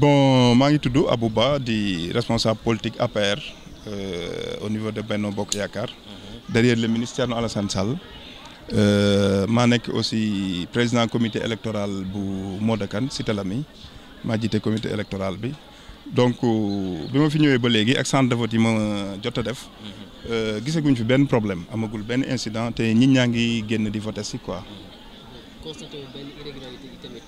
bon maa ngi tudd Abou Ba di responsable politique APR euh, au niveau de Benno Bokk Yaakaar. Mhm. derrière le ministère Thierno Alassane Sall. Euh, maa nekk aussi président comité électoral bu Modakan Cité Lamy maa jiite comité électoral bi donc euh, bi ma fi ñëwee ba léegi ak centre de yi ma jot a def. Mhm. Euh, gisaguñ fi benn problème amagul benn incident te nit ñaa ngi génn di voter si quoi. Mhm. constaté wu benn irrégularité tamit.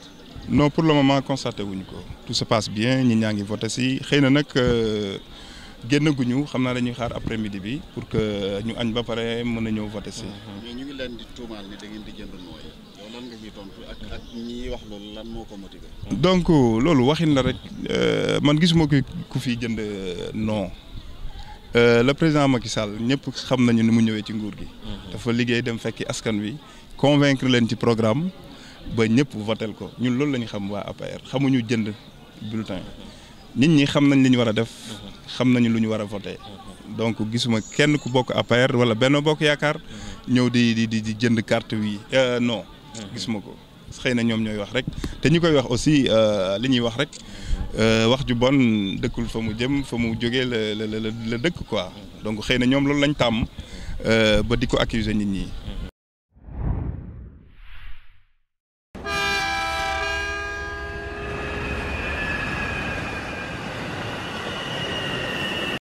non pour le moment constaté ko tout se passe bien ñi ñaa ngi voté si xëy na nag euh, génn guñu xam naa dañuy xaar après midi bi pour que ñu añ ba pare mën a ñëw voté si. ñu ngi leen di tuumaal ni da di jënd nooy yow lan ñuy wax loolu lan moo ko donc loolu waxin la rek euh, man gisuma ko ku fi jënd euh, non. Euh, le président Macky Sall ñëpp xam nañu ni mu ñëwee ci nguur gi. dafa liggéey dem fekki askan wi convaincre leen ci programme ba ñëpp votel ko ñun loolu la ñu xam waa APR xamuñu jënd bulletin nit ñi xam nañ li ñu war a def. xam nañu lu ñu war a voté. donc gisuma kenn ku bokk APR wala benn bokk yaakaar ñëw di di di jënd carte wi euh, non. gisuma ko xëy na ñoom ñooy wax rek te ñu koy wax aussi euh, li ñuy wax rek. Euh, wax ju bon dëkkul fa mu jëm fa mu jógee la la la dëkk quoi donc xëy na ñoom loolu lañ tàmm euh, ba di ko accuser nit ñi.